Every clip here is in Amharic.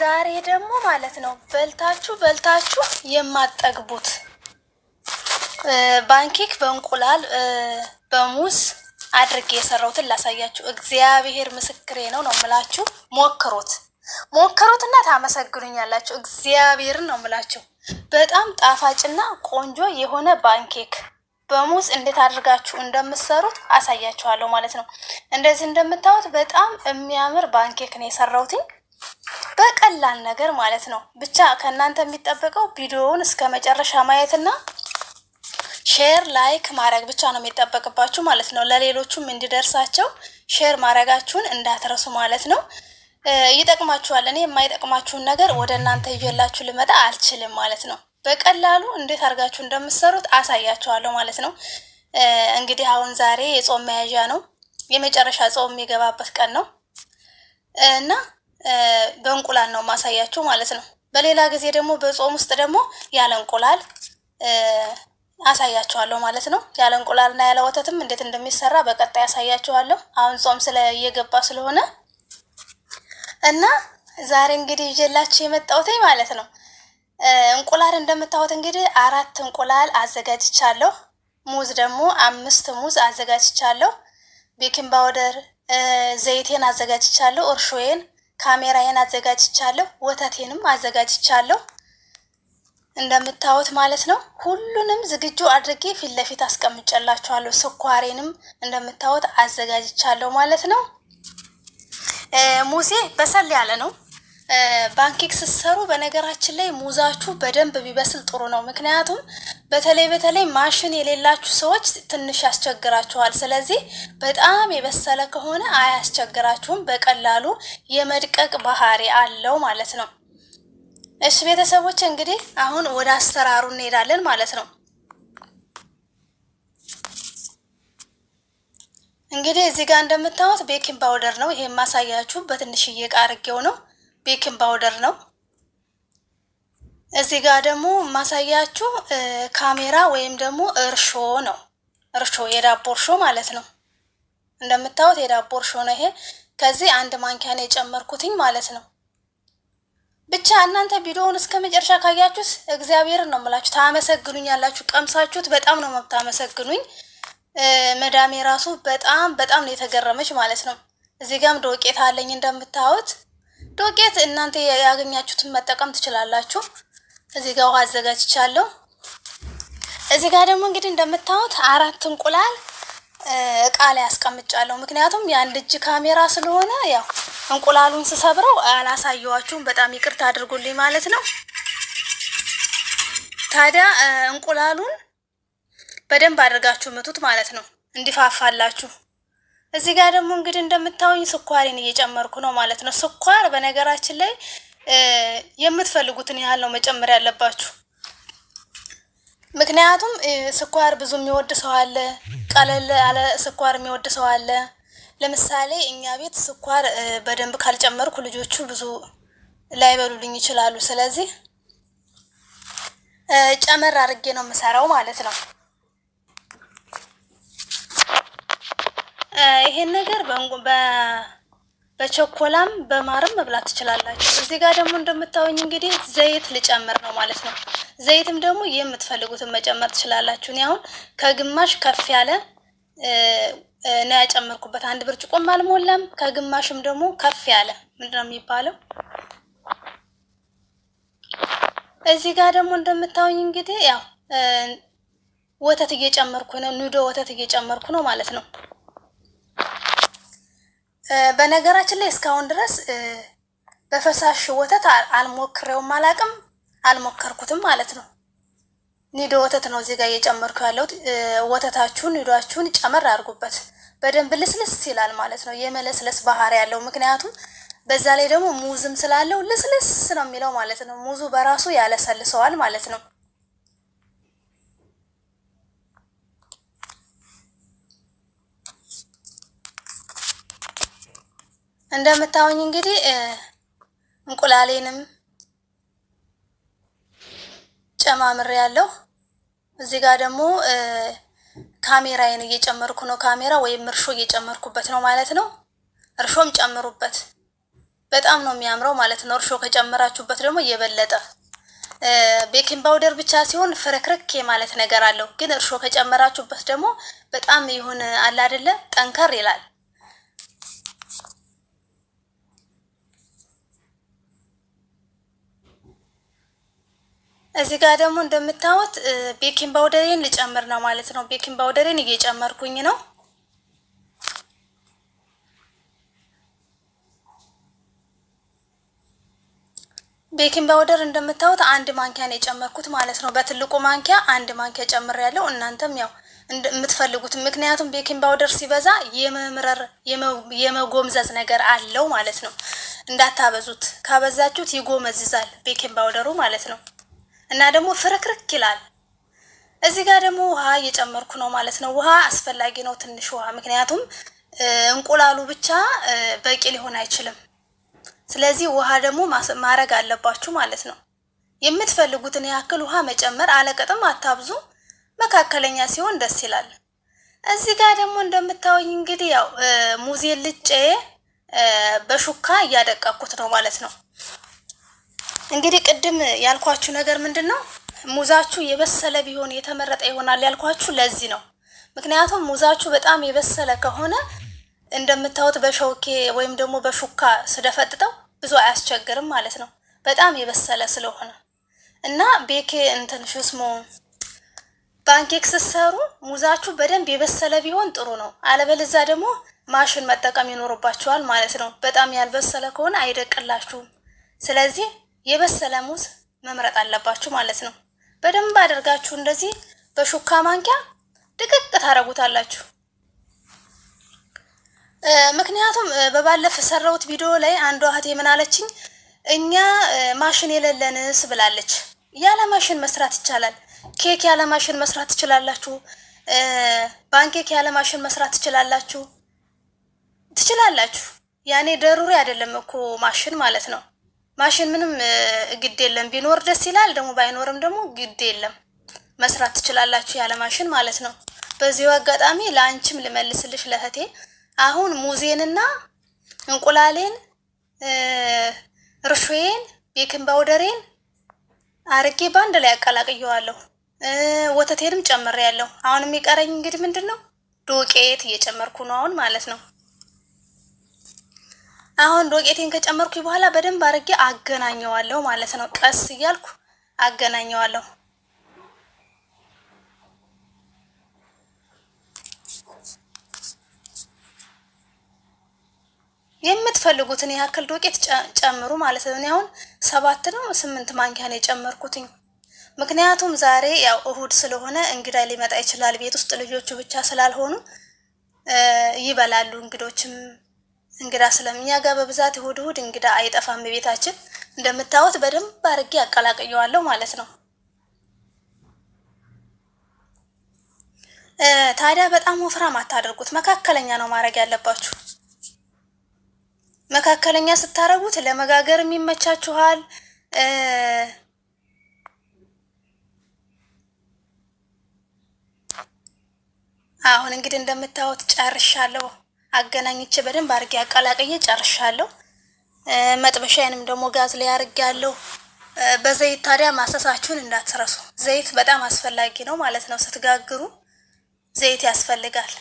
ዛሬ ደግሞ ማለት ነው በልታችሁ በልታችሁ የማጠግቡት ባንኬክ በእንቁላል በሙዝ አድርጌ የሰራሁትን ላሳያችሁ። እግዚአብሔር ምስክሬ ነው ነው ምላችሁ። ሞክሩት ሞክሩትና ታመሰግኑኛላችሁ። እግዚአብሔርን ነው ምላችሁ። በጣም ጣፋጭና ቆንጆ የሆነ ባንኬክ በሙዝ እንዴት አድርጋችሁ እንደምትሰሩት አሳያችኋለሁ ማለት ነው። እንደዚህ እንደምታዩት በጣም የሚያምር ባንኬክ ነው የሰራሁትኝ። በቀላል ነገር ማለት ነው። ብቻ ከእናንተ የሚጠበቀው ቪዲዮውን እስከ መጨረሻ ማየትና ሼር ላይክ ማድረግ ብቻ ነው የሚጠበቅባችሁ ማለት ነው። ለሌሎቹም እንዲደርሳቸው ሼር ማድረጋችሁን እንዳትረሱ ማለት ነው። ይጠቅማችኋል። እኔ የማይጠቅማችሁን ነገር ወደ እናንተ ይዤላችሁ ልመጣ አልችልም ማለት ነው። በቀላሉ እንዴት አድርጋችሁ እንደምትሰሩት አሳያችኋለሁ ማለት ነው። እንግዲህ አሁን ዛሬ የጾም መያዣ ነው፣ የመጨረሻ ጾም የሚገባበት ቀን ነው እና በእንቁላል ነው ማሳያችሁ ማለት ነው። በሌላ ጊዜ ደግሞ በጾም ውስጥ ደግሞ ያለ እንቁላል አሳያችኋለሁ ማለት ነው። ያለ እንቁላልና ያለ ወተትም እንዴት እንደሚሰራ በቀጣይ አሳያችኋለሁ። አሁን ጾም ስለ እየገባ ስለሆነ እና ዛሬ እንግዲህ ይዤላችሁ የመጣሁትኝ ማለት ነው እንቁላል እንደምታዩት እንግዲህ አራት እንቁላል አዘጋጅቻለሁ። ሙዝ ደግሞ አምስት ሙዝ አዘጋጅቻለሁ። ቤኪንግ ፓውደር ዘይቴን አዘጋጅቻለሁ። እርሾዬን ካሜራዬን አዘጋጅቻለሁ፣ ወተቴንም አዘጋጅቻለሁ እንደምታዩት ማለት ነው። ሁሉንም ዝግጁ አድርጌ ፊት ለፊት አስቀምጨላችኋለሁ። ስኳሬንም እንደምታዩት አዘጋጅቻለሁ ማለት ነው። ሙሴ በሰል ያለ ነው። ባንኬክ ስትሰሩ በነገራችን ላይ ሙዛችሁ በደንብ ቢበስል ጥሩ ነው። ምክንያቱም በተለይ በተለይ ማሽን የሌላችሁ ሰዎች ትንሽ ያስቸግራችኋል። ስለዚህ በጣም የበሰለ ከሆነ አያስቸግራችሁም፣ በቀላሉ የመድቀቅ ባህሪ አለው ማለት ነው። እሺ ቤተሰቦች እንግዲህ አሁን ወደ አሰራሩ እንሄዳለን ማለት ነው። እንግዲህ እዚህ ጋር እንደምታዩት ቤኪንግ ፓውደር ነው ይሄ የማሳያችሁ በትንሽዬ እቃ አድርጌው ነው ቤኪንግ ፓውደር ነው። እዚህ ጋር ደግሞ ማሳያችሁ ካሜራ ወይም ደግሞ እርሾ ነው። እርሾ የዳቦ እርሾ ማለት ነው። እንደምታዩት የዳቦ እርሾ ነው ይሄ። ከዚህ አንድ ማንኪያ ነው የጨመርኩትኝ ማለት ነው። ብቻ እናንተ ቪዲዮውን እስከ መጨረሻ ካያችሁት እግዚአብሔርን ነው የምላችሁ፣ ታመሰግኑኝ ያላችሁ ቀምሳችሁት፣ በጣም ነው የምታመሰግኑኝ። መዳሜ ራሱ በጣም በጣም ነው የተገረመች ማለት ነው። እዚህ ጋም ዶቄት አለኝ እንደምታዩት ዱቄት እናንተ ያገኛችሁትን መጠቀም ትችላላችሁ። እዚህ ጋር ውሃ አዘጋጅቻለሁ። እዚህ ጋር ደግሞ እንግዲህ እንደምታዩት አራት እንቁላል እቃ ላይ አስቀምጫለሁ። ምክንያቱም የአንድ እጅ ካሜራ ስለሆነ ያው እንቁላሉን ስሰብረው አላሳየዋችሁም። በጣም ይቅርታ አድርጉልኝ ማለት ነው። ታዲያ እንቁላሉን በደንብ አድርጋችሁ ምቱት ማለት ነው እንዲፋፋላችሁ እዚህ ጋር ደግሞ እንግዲህ እንደምታዩኝ ስኳሬን እየጨመርኩ ነው ማለት ነው። ስኳር በነገራችን ላይ የምትፈልጉትን ያህል ነው መጨመር ያለባችሁ። ምክንያቱም ስኳር ብዙ የሚወድ ሰው አለ፣ ቀለል ያለ ስኳር የሚወድ ሰው አለ። ለምሳሌ እኛ ቤት ስኳር በደንብ ካልጨመርኩ ልጆቹ ብዙ ላይበሉልኝ ይችላሉ። ስለዚህ ጨመር አድርጌ ነው የምሰራው ማለት ነው። ይሄን ነገር በቸኮላም በማርም መብላት ትችላላችሁ። እዚህ ጋር ደግሞ እንደምታወኝ እንግዲህ ዘይት ልጨምር ነው ማለት ነው። ዘይትም ደግሞ የምትፈልጉትን መጨመር ትችላላችሁ። እኔ አሁን ከግማሽ ከፍ ያለ ነው ያጨመርኩበት። አንድ ብርጭቆም አልሞላም። ከግማሽም ደግሞ ከፍ ያለ ምንድን ነው የሚባለው? እዚህ ጋር ደግሞ እንደምታወኝ እንግዲህ ያው ወተት እየጨመርኩ ነው፣ ኑዶ ወተት እየጨመርኩ ነው ማለት ነው። በነገራችን ላይ እስካሁን ድረስ በፈሳሽ ወተት አልሞክሬውም አላቅም አልሞከርኩትም ማለት ነው። ኒዶ ወተት ነው እዚህ ጋር እየጨመርኩ ያለሁት። ወተታችሁን ኒዶችሁን ጨመር አድርጉበት። በደንብ ልስልስ ይላል ማለት ነው፣ የመለስለስ ባህሪ ያለው ምክንያቱም በዛ ላይ ደግሞ ሙዝም ስላለው ልስልስ ነው የሚለው ማለት ነው። ሙዙ በራሱ ያለሰልሰዋል ማለት ነው። እንደምታዩኝ እንግዲህ እንቁላሌንም ጨማምሬ ያለው እዚህ ጋር ደግሞ ካሜራዬን እየጨመርኩ ነው። ካሜራ ወይም እርሾ እየጨመርኩበት ነው ማለት ነው። እርሾም ጨምሩበት፣ በጣም ነው የሚያምረው ማለት ነው። እርሾ ከጨመራችሁበት ደግሞ እየበለጠ ቤኪንግ ፓውደር ብቻ ሲሆን ፍርክርክ ማለት ነገር አለው። ግን እርሾ ከጨመራችሁበት ደግሞ በጣም ይሁን አለ አይደለ፣ ጠንከር ይላል። እዚህ ጋር ደግሞ እንደምታዩት ቤኪንግ ፓውደሬን ልጨምር ነው ማለት ነው። ቤኪንግ ፓውደሬን እየጨመርኩኝ ነው። ቤኪንግ ፓውደር እንደምታዩት አንድ ማንኪያ ነው የጨመርኩት ማለት ነው። በትልቁ ማንኪያ አንድ ማንኪያ ጨምር ያለው እናንተም ያው የምትፈልጉት ምክንያቱም ቤኪንግ ፓውደር ሲበዛ የመምረር የመጎምዘዝ ነገር አለው ማለት ነው። እንዳታበዙት፣ ካበዛችሁት ይጎመዝዛል ቤኪንግ ፓውደሩ ማለት ነው። እና ደግሞ ፍርክርክ ይላል። እዚህ ጋር ደግሞ ውሃ እየጨመርኩ ነው ማለት ነው። ውሃ አስፈላጊ ነው፣ ትንሽ ውሃ። ምክንያቱም እንቁላሉ ብቻ በቂ ሊሆን አይችልም። ስለዚህ ውሃ ደግሞ ማረግ አለባችሁ ማለት ነው። የምትፈልጉትን ያክል ውሃ መጨመር፣ አለቀጥም አታብዙ፣ መካከለኛ ሲሆን ደስ ይላል። እዚህ ጋር ደግሞ እንደምታወኝ እንግዲህ ያው ሙዜ ልጬ በሹካ እያደቀኩት ነው ማለት ነው። እንግዲህ ቅድም ያልኳችሁ ነገር ምንድን ነው? ሙዛችሁ የበሰለ ቢሆን የተመረጠ ይሆናል ያልኳችሁ ለዚህ ነው። ምክንያቱም ሙዛችሁ በጣም የበሰለ ከሆነ እንደምታዩት በሸውኬ ወይም ደግሞ በሹካ ስደፈጥጠው ብዙ አያስቸግርም ማለት ነው፣ በጣም የበሰለ ስለሆነ እና ቤኬ እንትን ሹስሞ ፓንኬክ ስትሰሩ ሙዛችሁ በደንብ የበሰለ ቢሆን ጥሩ ነው። አለበለዛ ደግሞ ማሽን መጠቀም ይኖርባችኋል ማለት ነው። በጣም ያልበሰለ ከሆነ አይደቅላችሁም። ስለዚህ የበሰለ ሙዝ መምረጥ አለባችሁ ማለት ነው። በደንብ አድርጋችሁ እንደዚህ በሹካ ማንኪያ ድቅቅ ታረጉታላችሁ። ምክንያቱም በባለፈ ሰራሁት ቪዲዮ ላይ አንዷ እህቴ ምን አለችኝ፣ እኛ ማሽን የሌለንስ ብላለች። ያለ ማሽን መስራት ይቻላል። ኬክ ያለ ማሽን መስራት ትችላላችሁ። ባንኬክ ያለ ማሽን መስራት ትችላላችሁ ትችላላችሁ። ያኔ ደሩሪ አይደለም እኮ ማሽን ማለት ነው። ማሽን ምንም ግድ የለም። ቢኖር ደስ ይላል፣ ደግሞ ባይኖርም ደግሞ ግድ የለም። መስራት ትችላላችሁ ያለ ማሽን ማለት ነው። በዚሁ አጋጣሚ ለአንቺም ልመልስልሽ ለእህቴ አሁን ሙዜንና እንቁላሌን እርሾዬን ቤኪንግ ፓውደሬን አርጌ በአንድ ላይ አቀላቅየዋለሁ። ወተቴንም ጨምሬያለሁ። አሁን የሚቀረኝ እንግዲህ ምንድን ነው ዱቄት እየጨመርኩ ነው አሁን ማለት ነው። አሁን ዶቄቴን ከጨመርኩ በኋላ በደንብ አድርጌ አገናኘዋለሁ ማለት ነው። ቀስ እያልኩ አገናኘዋለሁ። የምትፈልጉትን ያክል ዶቄት ጨምሩ ማለት ነው። እኔ አሁን ሰባት ነው ስምንት ማንኪያ ነው የጨመርኩትኝ። ምክንያቱም ዛሬ ያው እሁድ ስለሆነ እንግዳ ሊመጣ ይችላል። ቤት ውስጥ ልጆቹ ብቻ ስላልሆኑ ይበላሉ እንግዶችም እንግዳ ስለምኛ ጋር በብዛት እሁድ እሁድ እንግዳ አይጠፋም ቤታችን። እንደምታዩት በደንብ አድርጌ አቀላቅየዋለሁ ማለት ነው። ታዲያ በጣም ወፍራም አታደርጉት፣ መካከለኛ ነው ማድረግ ያለባችሁ። መካከለኛ ስታረጉት ለመጋገር የሚመቻችኋል። አሁን እንግዲህ እንደምታዩት ጨርሻለሁ። አገናኝቼ በደንብ አርጌ አቀላቅዬ ጨርሻለሁ። መጥበሻዬንም ደግሞ ጋዝ ላይ አርጌያለሁ። በዘይት ታዲያ ማሰሳችሁን እንዳትረሱ። ዘይት በጣም አስፈላጊ ነው ማለት ነው። ስትጋግሩ ዘይት ያስፈልጋል።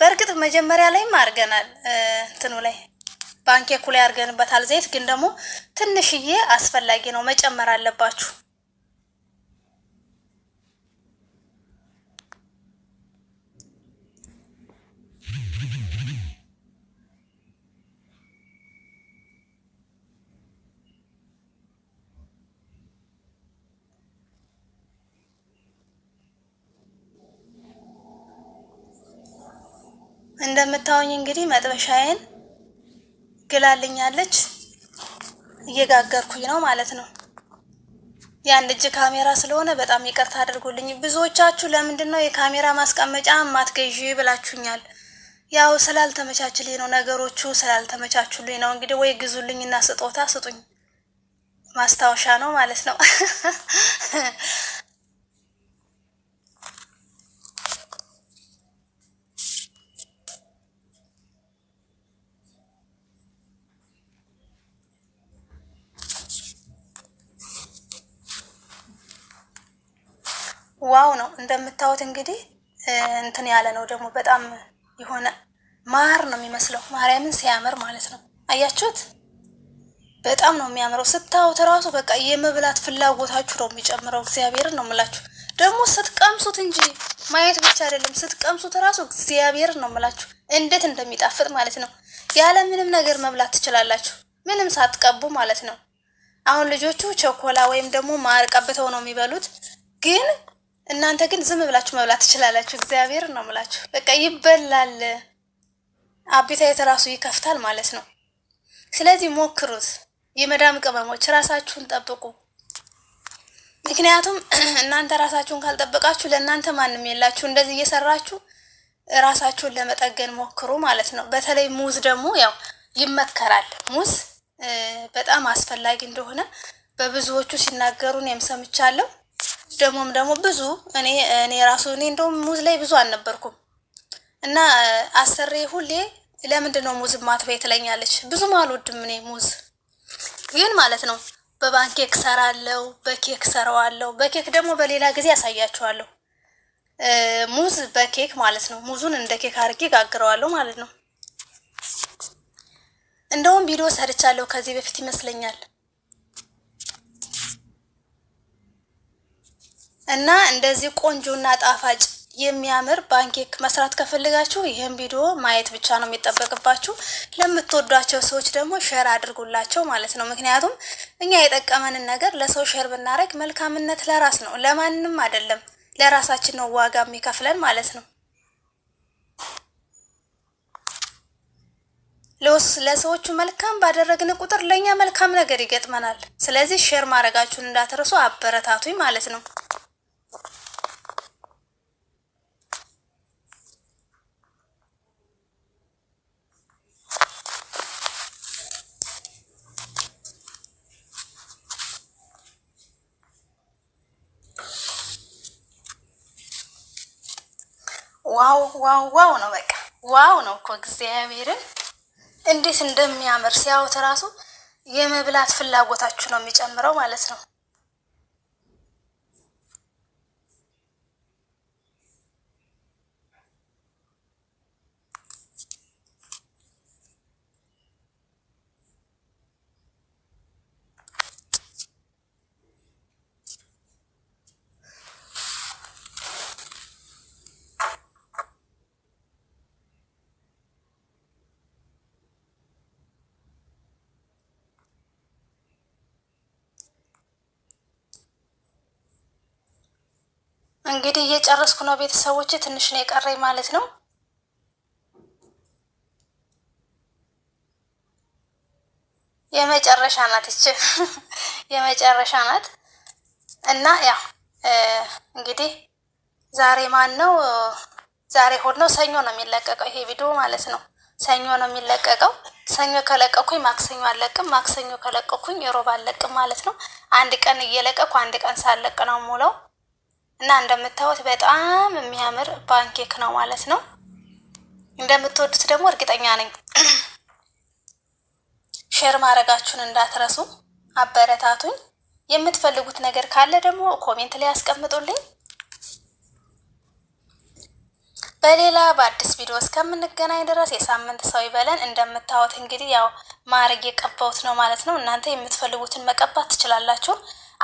በእርግጥ መጀመሪያ ላይም አርገናል፣ እንትኑ ላይ ባንኬኩ ላይ አርገንበታል ዘይት። ግን ደግሞ ትንሽዬ አስፈላጊ ነው፣ መጨመር አለባችሁ። እንደምታወኝ እንግዲህ መጥበሻዬን ግላልኛለች። እየጋገርኩኝ ነው ማለት ነው። የአንድ እጅ ካሜራ ስለሆነ በጣም ይቅርታ አድርጉልኝ። ብዙዎቻችሁ ለምንድን ነው የካሜራ ማስቀመጫ ማትገዢ ብላችሁኛል። ያው ስላልተመቻችልኝ ነው፣ ነገሮቹ ስላልተመቻቹልኝ ነው። እንግዲህ ወይ ግዙልኝና ስጦታ ስጡኝ፣ ማስታወሻ ነው ማለት ነው። ዋው ነው እንደምታዩት። እንግዲህ እንትን ያለ ነው ደግሞ በጣም የሆነ ማር ነው የሚመስለው። ማርያምን ሲያምር ማለት ነው። አያችሁት? በጣም ነው የሚያምረው። ስታዩት እራሱ በቃ የመብላት ፍላጎታችሁ ነው የሚጨምረው። እግዚአብሔርን ነው የምላችሁ ደግሞ ስትቀምሱት እንጂ ማየት ብቻ አይደለም። ስትቀምሱት እራሱ እግዚአብሔርን ነው የምላችሁ እንዴት እንደሚጣፍጥ ማለት ነው። ያለ ምንም ነገር መብላት ትችላላችሁ፣ ምንም ሳትቀቡ ማለት ነው። አሁን ልጆቹ ቸኮላ ወይም ደግሞ ማር ቀብተው ነው የሚበሉት ግን እናንተ ግን ዝም ብላችሁ መብላት ትችላላችሁ። እግዚአብሔር ነው ምላችሁ። በቃ ይበላል። አቤታየት ራሱ ይከፍታል ማለት ነው። ስለዚህ ሞክሩት። የመዳም ቅመሞች ራሳችሁን ጠብቁ። ምክንያቱም እናንተ ራሳችሁን ካልጠበቃችሁ ለእናንተ ማንም የላችሁ። እንደዚህ እየሰራችሁ ራሳችሁን ለመጠገን ሞክሩ ማለት ነው። በተለይ ሙዝ ደግሞ ያው ይመከራል። ሙዝ በጣም አስፈላጊ እንደሆነ በብዙዎቹ ሲናገሩ እኔም ሰምቻለሁ። ደግሞም ደግሞ ብዙ እኔ እኔ ራሱ እኔ እንደውም ሙዝ ላይ ብዙ አልነበርኩም እና አሰሪ ሁሌ ለምንድን ነው ሙዝ ማትበይ ትለኛለች። ብዙም አልወድም እኔ ሙዝ ግን ማለት ነው በባንኬክ ሰራለው፣ በኬክ ሰራዋለው። በኬክ ደግሞ በሌላ ጊዜ ያሳያችኋለሁ። ሙዝ በኬክ ማለት ነው። ሙዙን እንደ ኬክ አድርጌ ጋግረዋለሁ ማለት ነው። እንደውም ቪዲዮ ሰርቻለሁ ከዚህ በፊት ይመስለኛል። እና እንደዚህ ቆንጆና ጣፋጭ የሚያምር ፓንኬክ መስራት ከፈልጋችሁ ይህን ቪዲዮ ማየት ብቻ ነው የሚጠበቅባችሁ። ለምትወዷቸው ሰዎች ደግሞ ሼር አድርጉላቸው ማለት ነው። ምክንያቱም እኛ የጠቀመንን ነገር ለሰው ሼር ብናደረግ መልካምነት ለራስ ነው፣ ለማንም አይደለም። ለራሳችን ነው ዋጋ የሚከፍለን ማለት ነው። ለሰዎቹ መልካም ባደረግን ቁጥር ለእኛ መልካም ነገር ይገጥመናል። ስለዚህ ሼር ማድረጋችሁን እንዳትረሱ፣ አበረታቱኝ ማለት ነው። ዋው ዋው ዋው ነው በቃ ዋው ነው እኮ እግዚአብሔርን እንዴት እንደሚያምር ሲያዩት ራሱ የመብላት ፍላጎታችሁ ነው የሚጨምረው ማለት ነው። እንግዲህ እየጨረስኩ ነው ቤተሰቦች፣ ትንሽ ነው የቀረኝ ማለት ነው። የመጨረሻ ናት ይች የመጨረሻ ናት እና ያ እንግዲህ ዛሬ ማን ነው ዛሬ እሑድ ነው፣ ሰኞ ነው የሚለቀቀው ይሄ ቪዲዮ ማለት ነው። ሰኞ ነው የሚለቀቀው። ሰኞ ከለቀኩኝ ማክሰኞ አለቅም፣ ማክሰኞ ከለቀኩኝ የሮብ አለቅም ማለት ነው። አንድ ቀን እየለቀኩ አንድ ቀን ሳለቅ ነው ሙለው እና እንደምታዩት በጣም የሚያምር ፓንኬክ ነው ማለት ነው። እንደምትወዱት ደግሞ እርግጠኛ ነኝ። ሼር ማድረጋችሁን እንዳትረሱ፣ አበረታቱኝ። የምትፈልጉት ነገር ካለ ደግሞ ኮሜንት ላይ ያስቀምጡልኝ። በሌላ በአዲስ ቪዲዮ እስከምንገናኝ ድረስ የሳምንት ሰው ይበለን። እንደምታዩት እንግዲህ ያው ማረግ የቀባሁት ነው ማለት ነው። እናንተ የምትፈልጉትን መቀባት ትችላላችሁ።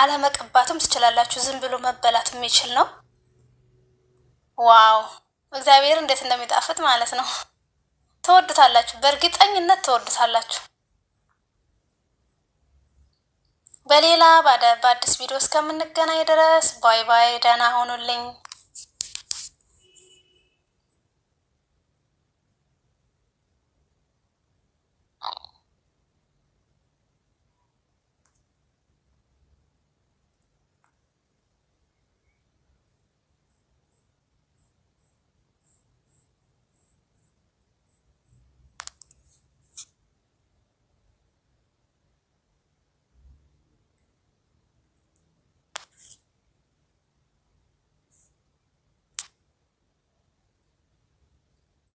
አለመቀባትም ትችላላችሁ። ዝም ብሎ መበላት የሚችል ነው። ዋው እግዚአብሔር እንዴት እንደሚጣፍጥ ማለት ነው። ትወዱታላችሁ፣ በእርግጠኝነት ትወዱታላችሁ። በሌላ በአዲስ ቪዲዮ እስከምንገናኝ ድረስ ባይ ባይ፣ ደህና ሆኑልኝ።